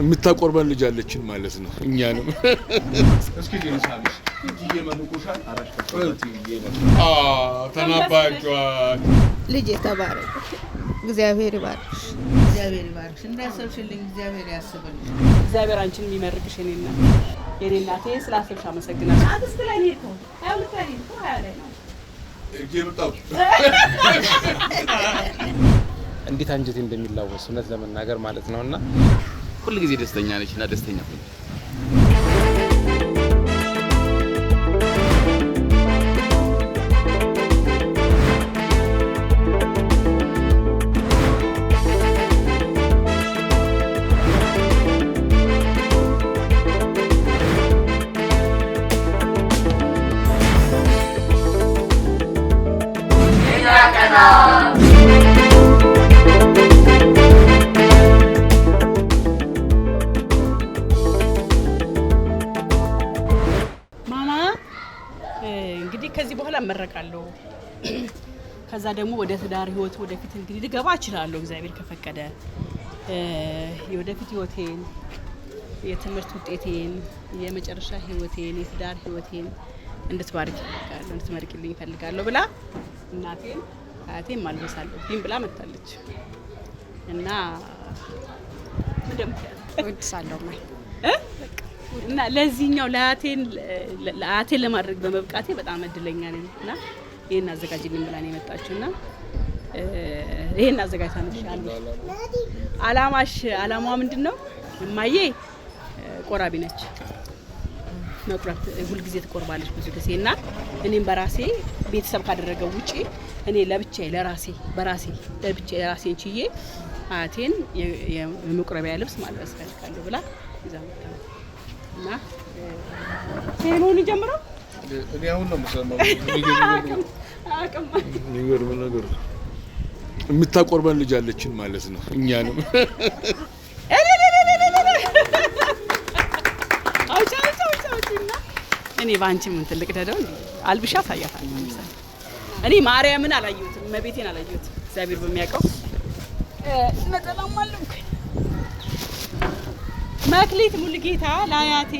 የምታቆርበን ልጅ አለችን ማለት ነው። እኛንም ተናባቸዋል። ልጅ የተባረ እግዚአብሔር ይባርክሽ፣ እግዚአብሔር ይባርክሽ። እንዳሰብሽልኝ እግዚአብሔር ያስብልሽ። እግዚአብሔር አንቺን የሚመርቅሽ የኔና የኔ እናቴ ስላሰብሽ አመሰግናለሁ። አትስት ላይ እንዴት አንጀቴ እንደሚላወስ እውነት ለመናገር ማለት ነውና ሁልጊዜ ደስተኛ ነች እና ደስተኛ ከዛ ደግሞ ወደ ትዳር ህይወት ወደፊት እንግዲህ ልገባ እችላለሁ እግዚአብሔር ከፈቀደ የወደፊት ህይወቴን የትምህርት ውጤቴን የመጨረሻ ህይወቴን የትዳር ህይወቴን እንድትባርክ ይፈልጋለሁ እንድትመርቅልኝ ይፈልጋለሁ ብላ እናቴን አያቴን ማልበሳለሁ ይህም ብላ መጥታለች እና እወድሳለሁ እና ለዚህኛው ለአያቴን ለማድረግ በመብቃቴ በጣም እድለኛ ነኝ እና ይህን አዘጋጅልን ብላን የመጣችሁና ይህን አዘጋጅታነች አላማሽ አላማዋ ምንድን ነው? እማዬ ቆራቢ ነች። መቁረት ሁልጊዜ ትቆርባለች ብዙ ጊዜ እና እኔም በራሴ ቤተሰብ ካደረገው ውጪ እኔ ለብቻዬ ለራሴ በራሴ ለብቻ ለራሴን ችዬ አያቴን የመቁረቢያ ልብስ ማልበስ ፈልጋለሁ ብላ ይዛ መጣ እና ሴሬሞኒ ጀምረው እኔ አሁን ነው የምሰማው። የሚገርም ነገር የምታቆርበን ልጅ አለችን ማለት ነው። እኛ ነው እኔ በአንቺ ምን ትልቅ ደደው አልብሻ ታያታለሁ። እኔ ማርያምን አላየሁትም፣ እመቤቴን አላየሁትም። እግዚአብሔር በሚያውቀው ነጠላም አለሁ መክሊት ሙልጌታ ላያቴ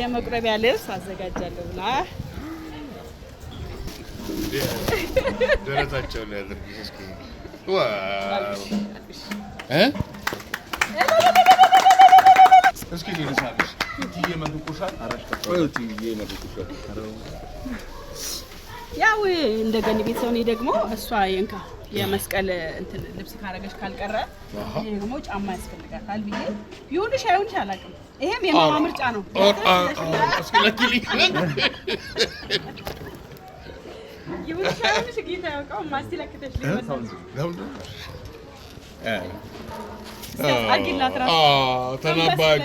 የመቁረቢያ ልብስ አዘጋጃለሁ ብላ ደረታቸው ላይ እስኪ ያው እንደገን ቤተሰብ እኔ ደግሞ እሷ የእንካ የመስቀል እንትን ልብስ ካረገች ካልቀረ ደግሞ ጫማ ያስፈልጋታል ብዬ ይሁንሽ አይሁንሽ አላውቅም። ይሄም የማማ ምርጫ ነው። ይሁንሽ አይሁንሽ ጌታ ያውቀው። ተናባቸዋል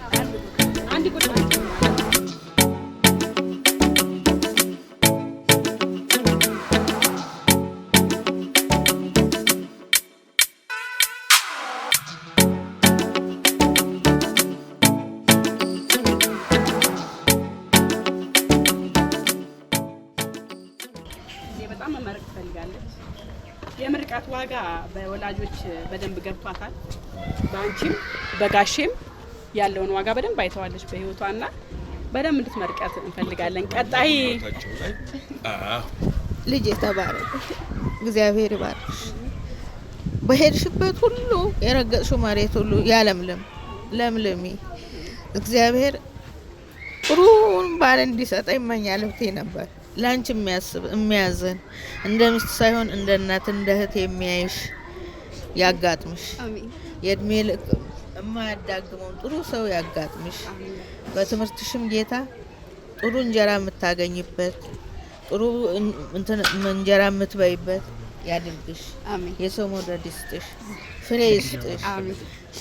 በወላጆች በደንብ ገብቷታል። በአንቺም በጋሼም ያለውን ዋጋ በደንብ አይተዋለች በህይወቷና በደንብ እንድትመርቀት እንፈልጋለን። ቀጣይ ልጅ የተባረክ እግዚአብሔር ይባርክሽ። በሄድሽበት ሁሉ የረገጥሽው መሬት ሁሉ ያለምልም ለምልሚ። እግዚአብሔር ጥሩውን ባል እንዲሰጠ ይመኛል ብቴ ነበር ለአንቺ የሚያስብ የሚያዝን እንደ ሚስት ሳይሆን እንደ እናት እንደ እህት የሚያይሽ ያጋጥምሽ። የእድሜ ልክ የማያዳግመውን ጥሩ ሰው ያጋጥምሽ። በትምህርትሽም ጌታ ጥሩ እንጀራ የምታገኝበት ጥሩ እንጀራ የምትበይበት ያድርግሽ። የሰው መውደድ ይስጥሽ፣ ፍሬ ይስጥሽ፣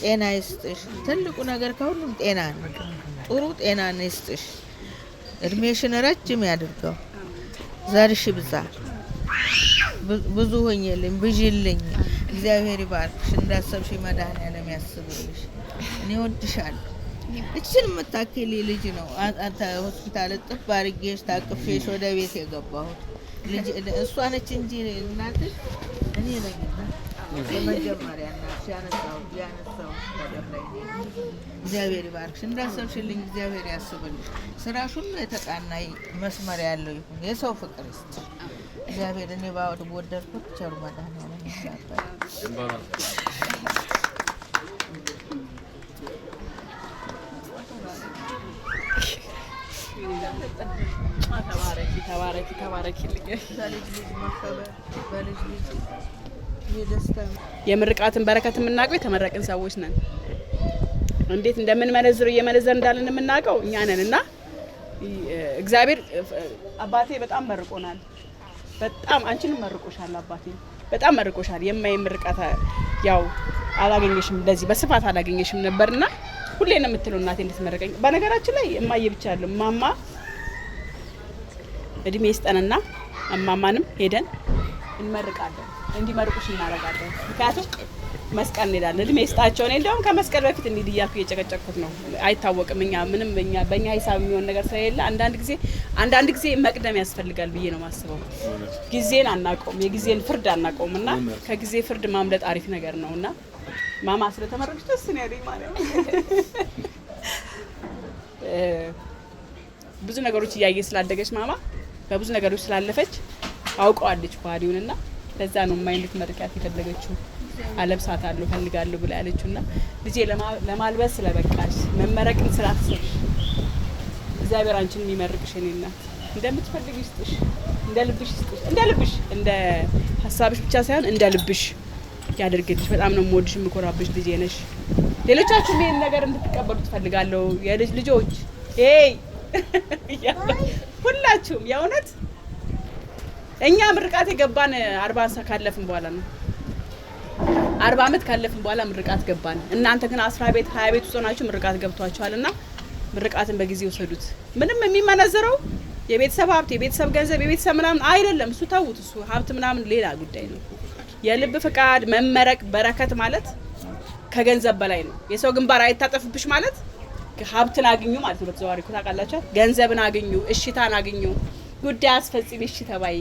ጤና ይስጥሽ። ትልቁ ነገር ከሁሉም ጤና ነው። ጥሩ ጤና ይስጥሽ። እድሜሽን ረጅም ያድርገው። ዘርሽ ብዛ ብዙ ሆኝልኝ ብዥልኝ እግዚአብሔር ይባርክሽ። እንዳሰብሽ መድኃኒዓለም ያስብልሽ። እኔ ወድሻለሁ። እችን የምታክል ልጅ ነው አንተ ሆስፒታል እጥፍ ባርጌሽ ታቅፌሽ ወደ ቤት የገባሁት እሷ ነች እንጂ እናትሽ እኔ ነኝ መጀመሪያ ያነሳው ያነሳው ነገር ላይ እግዚአብሔር ይባርክሽ። እንዳሰብሽልኝ እግዚአብሔር ያስብልሽ። ስራሽ ሁሉ የተቃና መስመር ያለው ይሁን። የሰው ፍቅር ይስጥ እግዚአብሔር። እኔ ባወድ ወደድኩት ቸሩ መዳን ሆነ ተባረኪ ተባረኪ ተባረኪ ልጅ ልጅ መከበር በልጅ ልጅ የምርቃትን በረከት የምናውቀው የተመረቅን ሰዎች ነን። እንዴት እንደምንመነዝር እየመነዘር እንዳለን የምናውቀው እኛ ነን እና እግዚአብሔር አባቴ በጣም መርቆናል። በጣም አንቺንም መርቆሻል። አባቴ በጣም መርቆሻል። የማይ ምርቃት ያው አላገኘሽም፣ እንደዚህ በስፋት አላገኘሽም ነበር ነበርና ሁሌ ነው የምትለው እናቴ እንድትመረቀኝ። በነገራችን ላይ እማዬ ብቻ ማማ እድሜ ይስጠንና እማማንም ሄደን እንመርቃለን፣ እንዲመርቁሽ እናደርጋለን። ምክንያቱም መስቀል እንሄዳለን። እድሜ ስጣቸው። እኔ እንደውም ከመስቀል በፊት እንሂድ እያልኩ እየጨቀጨቅኩት ነው። አይታወቅም። እኛ ምንም በእኛ ሂሳብ የሚሆን ነገር ስለሌለ አንዳንድ ጊዜ አንዳንድ ጊዜ መቅደም ያስፈልጋል ብዬ ነው ማስበው። ጊዜን አናውቀውም፣ የጊዜን ፍርድ አናውቀውም እና ከጊዜ ፍርድ ማምለጥ አሪፍ ነገር ነው እና ማማ ስለተመረቅሽ ደስ ነው ያለኝ ማለት ብዙ ነገሮች እያየ ስላደገች ማማ በብዙ ነገሮች ስላለፈች አውቀዋለች ባህሪውን ና ለዛ ነው ማይነት መርቂያት የፈለገችው አለብሳት አለብሳታለሁ ፈልጋለሁ ብላ ያለችው ና ልጄ ለማልበስ ስለበቃሽ መመረቅን ስላትሰብ እግዚአብሔር አንቺን የሚመርቅሽ እኔ ናት እንደምትፈልግ ይስጥሽ፣ እንደ ልብሽ ይስጥሽ፣ እንደ ልብሽ እንደ ሀሳብሽ ብቻ ሳይሆን እንደ ልብሽ ያደርግልሽ። በጣም ነው የምወድሽ፣ የምኮራብሽ ልጄ ነሽ። ሌሎቻችሁ ይህን ነገር እንድትቀበሉ ትፈልጋለሁ። የልጅ ልጆች ይሄ ሁላችሁም የእውነት እኛ ምርቃት የገባን አርባ ካለፍን በኋላ ነው። አርባ ዓመት ካለፍን በኋላ ምርቃት ገባን። እናንተ ግን አስራ ቤት ሀያ ቤት ውስጥ ሆናችሁ ምርቃት ገብቷችኋል። ና ምርቃትን በጊዜ ውሰዱት። ምንም የሚመነዘረው የቤተሰብ ሀብት፣ የቤተሰብ ገንዘብ፣ የቤተሰብ ምናምን አይደለም። እሱ ተውት። እሱ ሀብት ምናምን ሌላ ጉዳይ ነው። የልብ ፍቃድ መመረቅ በረከት ማለት ከገንዘብ በላይ ነው። የሰው ግንባር አይታጠፍብሽ ማለት ሀብትን አግኙ ማለት ነው። በተዘዋዋሪ እኮ ገንዘብን አግኙ፣ እሽታን አግኙ፣ ጉዳይ አስፈጽሚ፣ እሺ ተባይ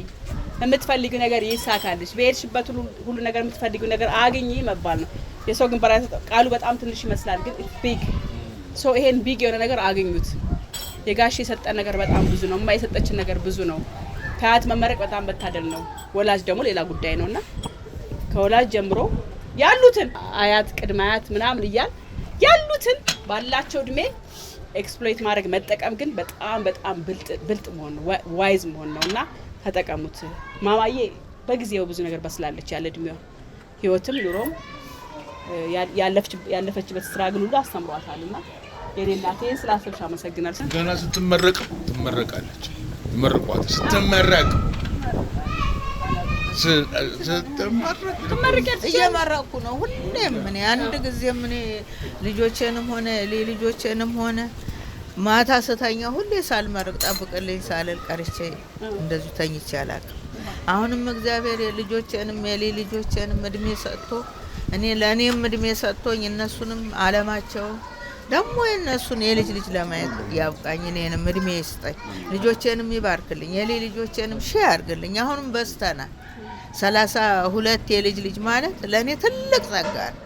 የምትፈልጊ ነገር ይሳካልሽ፣ በሄድሽበት ሁሉ ነገር የምትፈልጊ ነገር አግኝ መባል ነው። የሰው ግን ቃሉ በጣም ትንሽ ይመስላል፣ ግን ቢግ ሰው ይሄን ቢግ የሆነ ነገር አገኙት። የጋሽ የሰጠን ነገር በጣም ብዙ ነው። እማ የሰጠችን ነገር ብዙ ነው። ከአያት መመረቅ በጣም በታደል ነው። ወላጅ ደግሞ ሌላ ጉዳይ ነው እና ከወላጅ ጀምሮ ያሉትን አያት ቅድመ አያት ምናምን እያል ያሉትን ባላቸው እድሜ ኤክስፕሎይት ማድረግ መጠቀም ግን በጣም በጣም ብልጥ መሆን ነው ዋይዝ መሆን ነው እና ተጠቀሙት። ማማዬ በጊዜው ብዙ ነገር በስላለች ያለ እድሜዋ ህይወትም ኑሮም ያለፈችበት ስራ ግን ሁሉ አስተምሯታል። ና የኔ እናቴ ስላሰብሽ አመሰግናለሁ። ገና ስትመረቅ ትመረቃለች። ትመርቋት ስትመረቅ እየመረቅኩ ነው ሁሌም እኔ አንድ ጊዜም እኔ ልጆቼንም ሆነ ልጆቼንም ሆነ ማታ ስተኛ ሁሌ ሳልመርቅ ጠብቅልኝ ሳልል ቀርቼ እንደዚሁ ተኝቼ አላቅም። አሁንም እግዚአብሔር የልጆቼንም የሌ ልጆቼንም እድሜ ሰጥቶ እኔ ለእኔም እድሜ ሰጥቶኝ እነሱንም አለማቸውን ደግሞ የእነሱን የልጅ ልጅ ለማየት ያብቃኝ፣ እኔንም እድሜ ይስጠኝ፣ ልጆቼንም ይባርክልኝ፣ የሌ ልጆቼንም ሺ ያርግልኝ። አሁንም በስተናል ሰላሳ ሁለት የልጅ ልጅ ማለት ለእኔ ትልቅ ጸጋ ነው።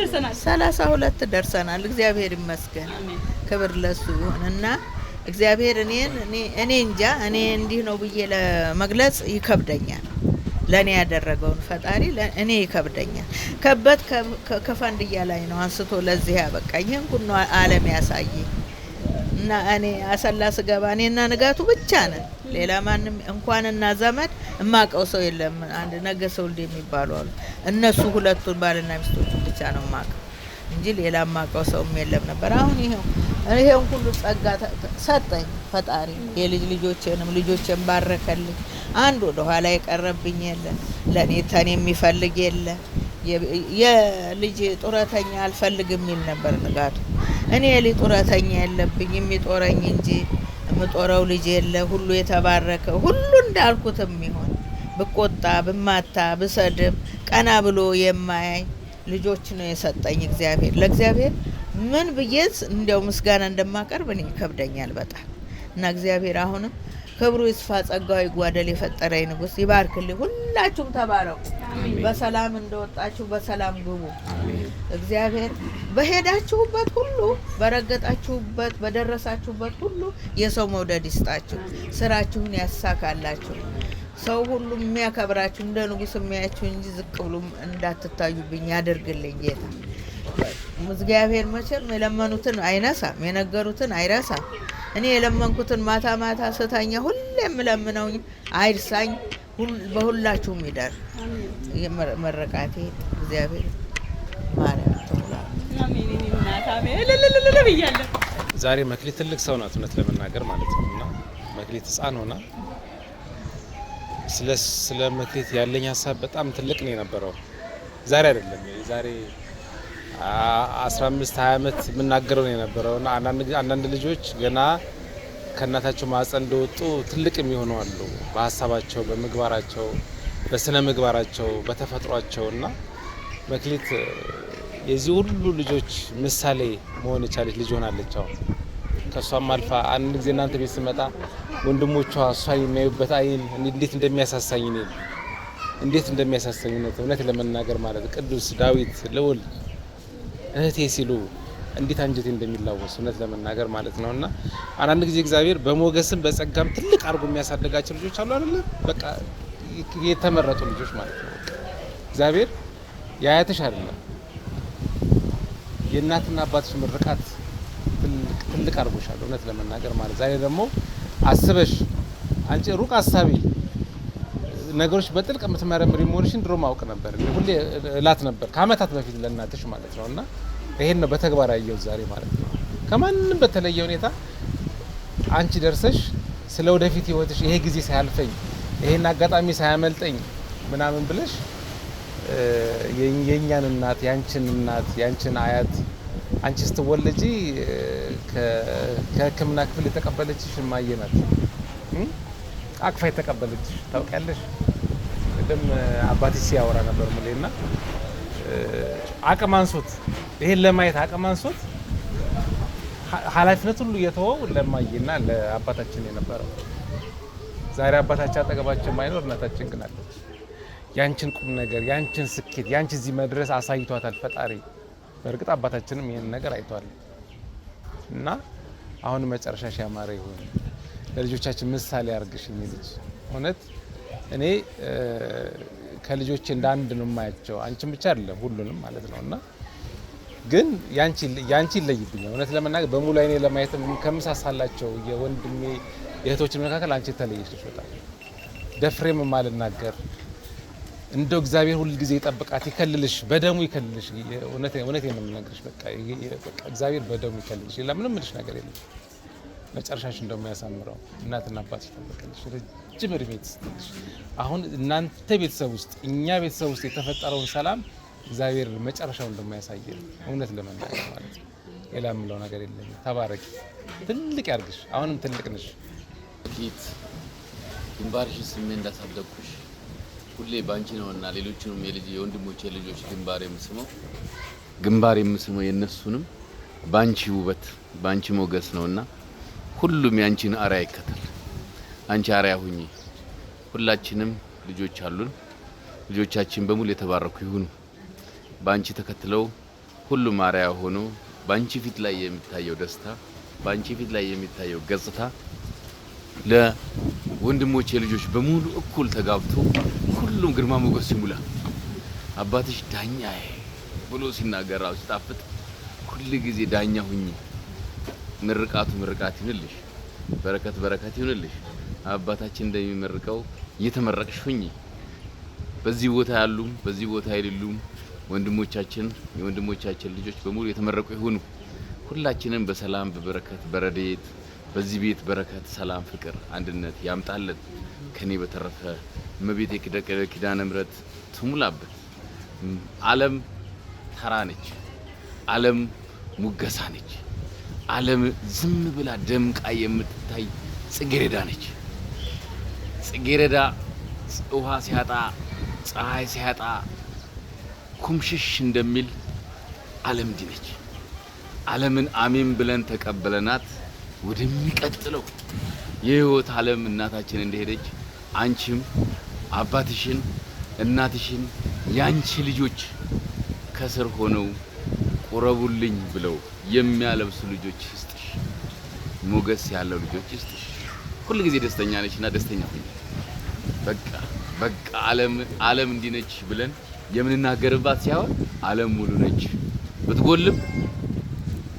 ደርሰናል። ሰላሳ ሁለት ደርሰናል። እግዚአብሔር ይመስገን፣ ክብር ለሱ ይሁን እና እግዚአብሔር እኔን እኔ እንጃ እኔ እንዲህ ነው ብዬ ለመግለጽ ይከብደኛል። ለእኔ ያደረገውን ፈጣሪ እኔ ይከብደኛል። ከበት ከፋንድያ ላይ ነው አንስቶ ለዚህ ያበቃኝ። ይህን ሁሉ ዓለም ያሳይ እና እኔ አሰላ ስገባ እኔና ንጋቱ ብቻ ነን። ሌላ ማንም እንኳንና ዘመድ እማቀው ሰው የለም። አንድ ነገ ሰው ልድ የሚባሉ አሉ። እነሱ ሁለቱን ባልና ሚስቶቹ ብቻ ነው ማቀው እንጂ ሌላ የማውቀው ሰውም የለም ነበር። አሁን ይሄው ይሄውን ሁሉ ጸጋ ሰጠኝ ፈጣሪ። የልጅ ልጆቼንም ልጆቼን ባረከልኝ። አንድ ወደ ኋላ የቀረብኝ የለ፣ ለእኔ ተን የሚፈልግ የለ። የልጅ ጡረተኛ አልፈልግም የሚል ነበር ንጋቱ። እኔ የልጅ ጡረተኛ የለብኝ የሚጦረኝ እንጂ የምጦረው ልጅ የለ። ሁሉ የተባረከ ሁሉ እንዳልኩትም ይሆን ብቆጣ ብማታ ብሰድብ ቀና ብሎ የማያይ ልጆች ነው የሰጠኝ እግዚአብሔር። ለእግዚአብሔር ምን ብዬስ እንዲያው ምስጋና እንደማቀርብ እኔ ይከብደኛል በጣም እና እግዚአብሔር አሁንም ክብሩ ይስፋ፣ ጸጋዊ ጓደል የፈጠረኝ ንጉስ ይባርክልኝ። ሁላችሁም ተባለው በሰላም እንደወጣችሁ በሰላም ግቡ። እግዚአብሔር በሄዳችሁበት ሁሉ፣ በረገጣችሁበት፣ በደረሳችሁበት ሁሉ የሰው መውደድ ይስጣችሁ። ስራችሁን ያሳካላችሁ። ሰው ሁሉም የሚያከብራችሁ እንደ ንጉስ የሚያችሁ እንጂ ዝቅ ብሎም እንዳትታዩብኝ ያደርግልኝ ጌታ። እግዚአብሔር መቼም የለመኑትን አይነሳም፣ የነገሩትን አይረሳም። እኔ የለመንኩትን ማታ ማታ ስተኛ ሁሌ የምለምነው አይርሳኝ፣ በሁላችሁም ይደር። መረቃቴ እግዚአብሔር ማርያም ዛሬ መክሊት ትልቅ ሰው ናት፣ እውነት ለመናገር ማለት ነው እና መክሊት ህፃን ሆና ስለ መክሌት ያለኝ ሀሳብ በጣም ትልቅ ነው የነበረው። ዛሬ አይደለም ዛሬ 15 20 ዓመት የምናገረው ነው የነበረው እና አንዳንድ ልጆች ገና ከእናታቸው ማህፀን እንደወጡ ትልቅ የሚሆኑ አሉ። በሀሳባቸው፣ በምግባራቸው፣ በስነ ምግባራቸው፣ በተፈጥሯቸው እና መክሌት የዚህ ሁሉ ልጆች ምሳሌ መሆን የቻለች ልጅ ሆናለች። አሁን ከእሷም አልፋ አንድ ጊዜ እናንተ ቤት ስመጣ ወንድሞቿ እሷ የሚያዩበት አይን እንዴት እንደሚያሳሳኝ ነው እንዴት እንደሚያሳሰኝ ነው እውነት ለመናገር ማለት ቅዱስ ዳዊት ልዑል እህቴ ሲሉ እንዴት አንጀቴ እንደሚላወስ እውነት ለመናገር ማለት ነው። እና አንዳንድ ጊዜ እግዚአብሔር በሞገስም በጸጋም ትልቅ አድርጎ የሚያሳደጋቸው ልጆች አሉ አይደለ? በቃ የተመረጡ ልጆች ማለት ነው። እግዚአብሔር የአያትሽ አይደለም የእናትና አባትሽ ምርቃት ትልቅ አድርጎሻል እውነት ለመናገር ማለት ዛሬ ደግሞ አስበሽ አንቺ ሩቅ አሳቢ ነገሮች በጥልቅ የምትመረምሪ መሆንሽን ድሮ ማወቅ ነበር። ሁሌ እላት ነበር ከአመታት በፊት ለእናትሽ ማለት ነው። እና ይሄን ነው በተግባር ያየሁት ዛሬ ማለት ነው። ከማንም በተለየ ሁኔታ አንቺ ደርሰሽ ስለ ወደፊት ህይወትሽ ይሄ ጊዜ ሳያልፈኝ ይሄን አጋጣሚ ሳያመልጠኝ ምናምን ብለሽ የእኛን እናት፣ የአንችን እናት፣ የአንችን አያት አንቺ ስትወለጂ ከህክምና ክፍል የተቀበለችሽ እማዬ ናት። አቅፋ የተቀበለችሽ ታውቂያለሽ። ቅድም አባቴ ሲያወራ ነበር ሙሌ አቅም አንሶት ይሄን ለማየት አቅም አንሶት ኃላፊነት ሁሉ እየተወው ለማየና ለአባታችን የነበረው ዛሬ አባታችን አጠገባችን ማይኖር እናታችን ግን አለች። ያንችን ቁም ነገር ያንችን ስኬት ያንቺ እዚህ መድረስ አሳይቷታል ፈጣሪ በእርግጥ አባታችንም ይህን ነገር አይቷል እና አሁን መጨረሻ ሲያማረ ይሁን፣ ለልጆቻችን ምሳሌ አርግሽ የሚል ልጅ እውነት እኔ ከልጆች እንደ አንድ ነው የማያቸው። አንቺን ብቻ አይደለም ሁሉንም ማለት ነው እና ግን ያንቺ ይለይብኛል። እውነት ለመናገር በሙሉ አይኔ ለማየት ከምሳሳላቸው የወንድሜ የእህቶችን መካከል አንቺ ተለየሽ። በጣም ደፍሬም ማልናገር እንደው እግዚአብሔር ሁል ጊዜ ይጠብቃት፣ ይከልልሽ፣ በደሙ ይከልልሽ። እውነት ነው የምነግርሽ፣ በቃ እግዚአብሔር በደሙ ይከልልሽ። ሌላ ምንም ምልሽ ነገር የለም። መጨረሻሽ እንደው የሚያሳምረው እናትና አባት ይጠብቅልሽ፣ ረጅም እድሜ ትስጥልሽ። አሁን እናንተ ቤተሰብ ውስጥ እኛ ቤተሰብ ውስጥ የተፈጠረውን ሰላም እግዚአብሔር መጨረሻው እንደማያሳይ እውነት ለመናገር ማለት ነው። ሌላ የምለው ነገር የለም። ተባረኪ፣ ትልቅ ያርግሽ። አሁንም ትልቅ ነሽ። ጌት ግንባርሽን ስሜ እንዳሳደግኩሽ ሁሌ ባንቺ ነው እና ሌሎችንም የልጅ የወንድሞቼ ልጆች ግንባር የምስመው ግንባር የምስመው የእነሱንም ባንቺ ውበት ባንቺ ሞገስ ነው እና ሁሉም ያንቺን አሪያ ይከተል። አንቺ አሪያ ሁኚ። ሁላችንም ልጆች አሉን። ልጆቻችን በሙሉ የተባረኩ ይሁኑ። ባንቺ ተከትለው ሁሉም አሪያ ሆኖ ባንቺ ፊት ላይ የሚታየው ደስታ፣ ባንቺ ፊት ላይ የሚታየው ገጽታ ለወንድሞቼ ልጆች በሙሉ እኩል ተጋብቶ ሁሉም ግርማ ሞገስ ሲሙላ አባትሽ ዳኛ ብሎ ሲናገር ራሱ ሲጣፍጥ ሁል ጊዜ ዳኛ ሁኝ ምርቃቱ ምርቃት ይሁንልሽ፣ በረከት በረከት ይሁንልሽ። አባታችን እንደሚመርቀው እየተመረቅሽ ሁኝ በዚህ ቦታ ያሉም በዚህ ቦታ የሌሉም ወንድሞቻችን የወንድሞቻችን ልጆች በሙሉ የተመረቁ ይሁኑ። ሁላችንም በሰላም በበረከት በረድኤት በዚህ ቤት በረከት፣ ሰላም፣ ፍቅር፣ አንድነት ያምጣልን። ከኔ በተረፈ እመቤቴ ኪዳነ ምሕረት ትሙላብን። ዓለም ተራ ነች። ዓለም ሙገሳ ነች። ዓለም ዝም ብላ ደምቃ የምትታይ ጽጌረዳ ነች። ጽጌረዳ ውሃ ሲያጣ ፀሐይ ሲያጣ ኩምሽሽ እንደሚል ዓለም ዲነች። ዓለምን አሜን ብለን ተቀበለናት። ወደሚቀጥለው የህይወት ዓለም እናታችን እንደሄደች አንቺም አባትሽን እናትሽን ያንቺ ልጆች ከስር ሆነው ቁረቡልኝ ብለው የሚያለብሱ ልጆች ይስጥሽ፣ ሞገስ ያለው ልጆች ይስጥሽ። ሁል ጊዜ ደስተኛ ነችና ደስተኛ ሁኝ። በቃ በቃ ዓለም ዓለም እንዲነች ብለን የምንናገርባት ሳይሆን ዓለም ሙሉ ነች። ብትጎልም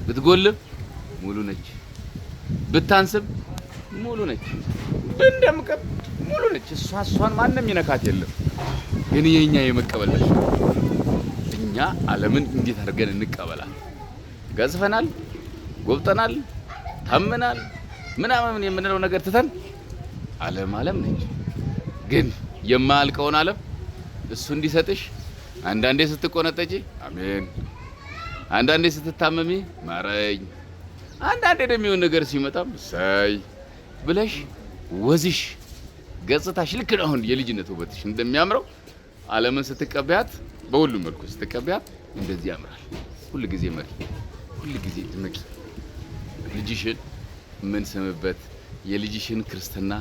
ብትጎልም ሙሉ ነች። ብታንስብ ሙሉ ነች፣ እንደምቀብ ሙሉ ነች። እሷ እሷን ማንም ይነካት የለም። ግን የኛ የመቀበል እኛ ዓለምን እንዴት አድርገን እንቀበላል? ገዝፈናል፣ ጎብጠናል፣ ታምናል ምናምን የምንለው ነገር ትተን ዓለም ዓለም ነች። ግን የማያልቀውን ዓለም እሱ እንዲሰጥሽ አንዳንዴ ስትቆነጠጪ አሜን፣ አንዳንዴ ስትታመሚ ማረኝ አንዳንዴ ደግሞ የሆነ ነገር ሲመጣም ሳይ ብለሽ ወዝሽ ገጽታሽ ልክ ነው። አሁን የልጅነት ውበትሽ እንደሚያምረው ዓለምን ስትቀበያት፣ በሁሉም መልኩ ስትቀበያት እንደዚህ ያምራል። ሁል ጊዜ መሪ፣ ሁል ጊዜ ድመቂ። ልጅሽን የምንስምበት የልጅሽን ክርስትና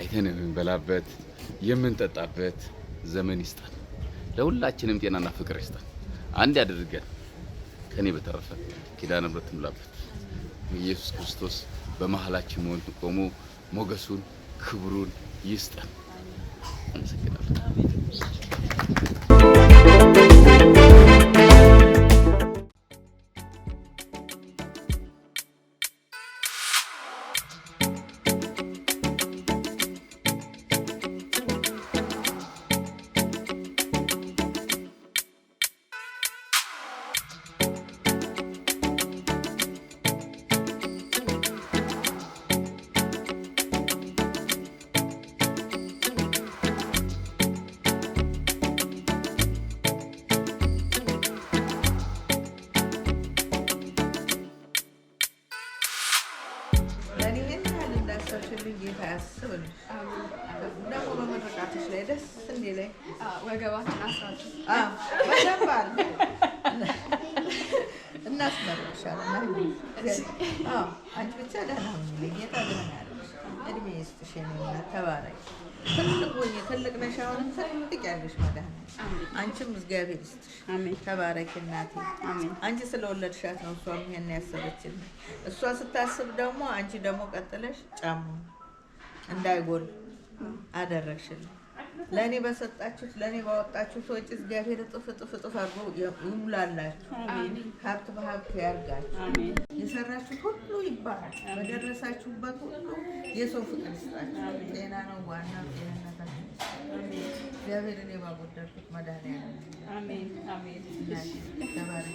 አይተን የምንበላበት የምንጠጣበት ዘመን ይስጠን። ለሁላችንም ጤናና ፍቅር ይስጠን። አንድ ያደርገን። ከኔ በተረፈ ኪዳነ ምሕረት ትምላበት። ኢየሱስ ክርስቶስ በመሀላችን ሆኖ ቆሞ ሞገሱን ክብሩን ይስጠን። አመሰግናለሁ። ያደረግሽልኝ ጌታ ደግሞ በመረቃትሽ ላይ ደስ እንዲለኝ ወገባችን አስራችሁ በደንባል እናስመርቅሻለን። አንቺ ብቻ ደህና ሁኚልኝ። ጌታ ደህና ያደርግሽ፣ እድሜ ይስጥሽ። ተባረክ ትልቅ ሆኜ ትልቅ ነሽ፣ አሁንም ትልቅ ያለሽ መድኃኒዓለም አንቺም እግዚአብሔር ይስጥሽ። ተባረኪ እናቴ። አንቺ ስለወለድሻት ነው እሷም ይሄን ያሰበችል። እሷ ስታስብ ደግሞ አንቺ ደግሞ ቀጥለሽ ጫማ እንዳይጎል አደረግሽልን። ለእኔ በሰጣችሁት ለእኔ ባወጣችሁት ሰዎች እግዚአብሔር እጥፍ እጥፍ እጥፍ አድርጎ ይሙላላችሁ። ሀብት በሀብት ያርጋችሁ። የሰራችሁት ሁሉ ይባላል። በደረሳችሁበት ሁሉ የሰው ፍቅር ይስጣችሁ። ጤና ነው ዋና ጤንነታችሁ። እግዚአብሔር እኔ ባጎደልኩት መድኃኒዓለም ተባረኪ።